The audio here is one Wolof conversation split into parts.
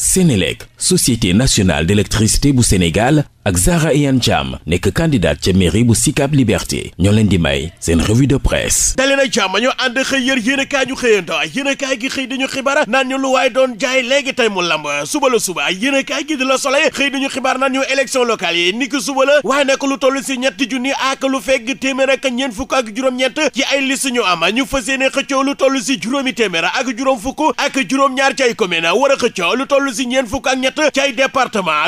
Sénélec société nationale d'électricité bu Sénégal ak Zahra Iyane Thiam nekk candidate ca mairie bu Sicap Liberté ñoo leen di may seen revue de presse dalee na jàmm ñu ànd xëy yër yéenekaay ñu xëyanto yéenekaay gi xëy dañu xibaar naan ñu lu waaye doon jaay léegi tey mu lamb suba la suba yéenekaay gi di la Soleil xëy dañu xibaar naan ñu élection locale yi ni suba la waaye nag lu toll si ñetti junni ak lu fekk téeméer ak ñeent fukk ak juróom-ñett ci ay liste ñu am ñu fas xëccoo lu toll si juróomi téeméer ak juróom fukk ak juróom-ñaar ci ay commune war lu toll si ñeent fukk ak ñett ci ay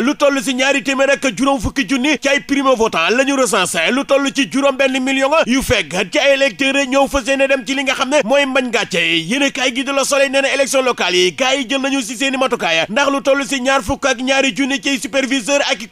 lu toll si ñaari téeméer ak juróom juróom fukki junni ci ay primo votant la ñu lu toll ci juróom benn million yu fekk ci ay électeurs ñëw fas dem ci li nga xam ne mooy mbañ gàcce yéen a gi de la Soleil nee na yi gars yi jël nañu si seen i matukaay ndax lu toll si ñaar fukk ak ñaari junni ci superviseur ak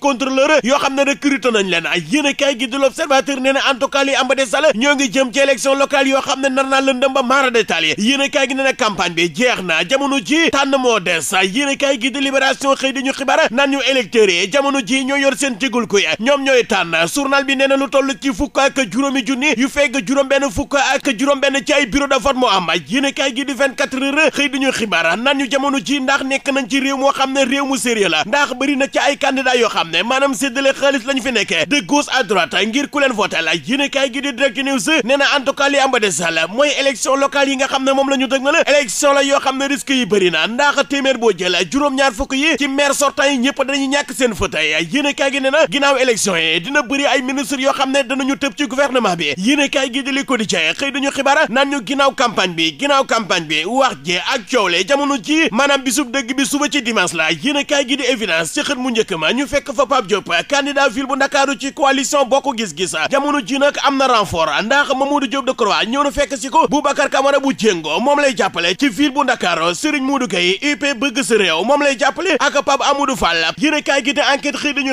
yoo xam ne recruté nañ leen yéen a kaay gi de l'Observateur nee na en tout cas li am ba des ñoo ngi jëm ci élection locale yoo xam ne nar naa lëndëm ba maara détail yi yéen gi nee na campagne bi jeex na jamono ji tànn moo des yéen a kaay gi de libération xëy di ñu xibaar naan ñu électeurs yi jamono ji ñoo seen jégul ko ya ñoom ñooy tànn journal bi nee na lu toll ci fukk ak juróomi junni yu fegg juróom-benn fukk ak juróom-benn ci ay bureau de moo am yéene kaay gi di 24 heures xëy duñu xibaar nan ñu jamono ji ndax nekk nañ ci réew moo xam ne réew mu sérieux la ndax bëri na ci ay candidat yoo xam ne maanaam séddale xaalis lañ fi nekkee de gauche à droite ngir ku leen voté la yéene kaay gi di direct news nee na en tout am ba des la mooy élection locale yi nga xam ne moom la ñu dëgmal ñaar fukk yi ci maire sortant yi ñëpp dañuy yéenekaay gi yi dina bëri ay ministre yoo xam ne danañu tëb ci gouvernement bi yéenekaay gi di Le xëy dañu xibaar naan ñu ginnaaw campagne bi ginnaaw campagne bi wax ji ak coow le jamono ji maanaam bisub dëgg bi suba ci dimanche la yéenekaay gi di évidence ci xët mu njëkk ma ñu fekk fa Pape Diop candidat ville bu Ndakaaru ci coalition Bokk Gis Gis jamono ji nag am na renfort ndax Mamadou Diop Decroix ñëw na fekk si ko bu jéngoo moom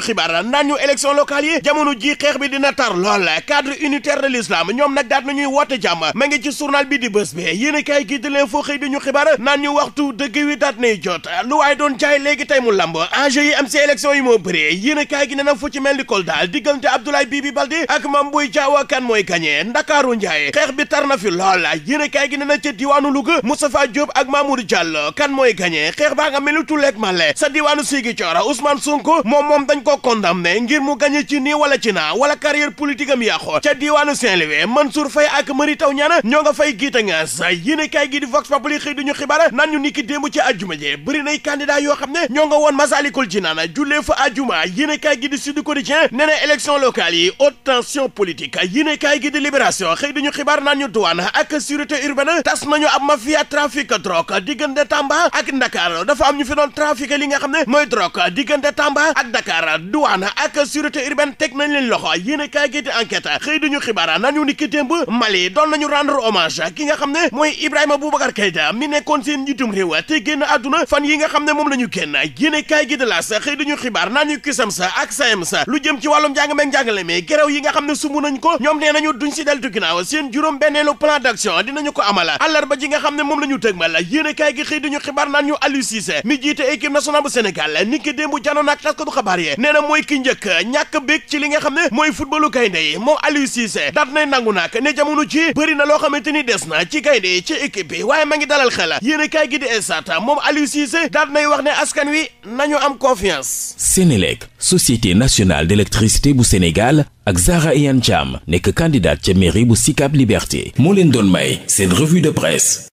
bu Dakar naan ñu élection locale yi jamono ji xeex bi dina tar lool cadre unitaire de l'islam ñoom nag daat nañuy woote jàmm ma ngi ci journal bi di bés bi yéen kay gi di leen foo xëy di ñu xibaar naan ñu waxtu dëgg wi daat nay jot lu waaye doon jaay léegi tey mu lamb enjeu yi am si élection yi moo bëree yéen kay gi ne na fu ci mel ni Kolda diggante Abdoulaye Bibi Baldé ak Mame Boye Diao kan mooy gagné Ndakaaru Njaay xeex bi tar na fi lool yéen kay gi ne na ca diwaanu Louga Moustapha Diop ak Mamour Diallo kan mooy gagné xeex baa nga mel ni tuleeg male sa diwaanu Ziguinchor Ousmane Sonko moom moom dañ ko kon ndam ne ngir mu gañe ci nii wala ci naa wala carrière politique am yàqu ca diiwaanu Saint-Louis Mansour Faye ak Mary Teuw Niane ñoo nga fay giita ngaas yéene kaay gi di Vox Populi xëy duñu xibaar naan ñu niki démb ci àjjuma ji bëri nay candidat yoo xam ne ñoo nga woon Masalikul Jinaan jullee fa àjjuma yéene kaay gi di Sud Quotidien nee na élection locale yi haute tension politique yéene kaay gi xibaar naan ñu douane ak sûreté urbaine tas nañu ab mafia trafic drogue diggante Tamba ak Dakar dafa am ñu fi doon trafiqué douane ak sûreté urbaine teg nañ leen loxo yéen a kaay gi di enquête xëy duñu xibaar nañu ni ki démb Mali doon nañu rendre hommage ki nga xam ne mooy Ibrahima Boubacar Keïta mi nekkoon seen njiitum réew te génn àdduna fan yi nga xam ne moom la ñu génn yéen a kaay gi di laas xëy duñu xibaar naan ñu kisam sa ak sayam sa lu jëm ci wàllum njàng meeg njàngale mi gerew yi nga xam ne sumb nañ ko ñoom nee nañu duñ si deltu ginnaaw seen juróom benneelu plan d'action xam ne moom la ñu tëgmal yéen a kaay gi xëy duñu xibaar naan ñu Aliou Cissé mi jiite mooy ki njëkk ñàkk béeg ci li nga xam ne mooy footballu gaynde yi moom Aliou Cissé daat nay nangu nag ne jamono ci bëri na loo xamante ni des naa ci gaynde yi ci équipe bi waaye ma ngi dalal xel yéen a kaay gi di Stades moom Aliou Cissé daat nay wax ne askan wi nañu am confiance Sénélec société nationale d'électricité bu Sénégal ak Zahra Iyane Thiam nekk candidate ca mairie bu Sicap Liberté moo leen doon may seen revue de presse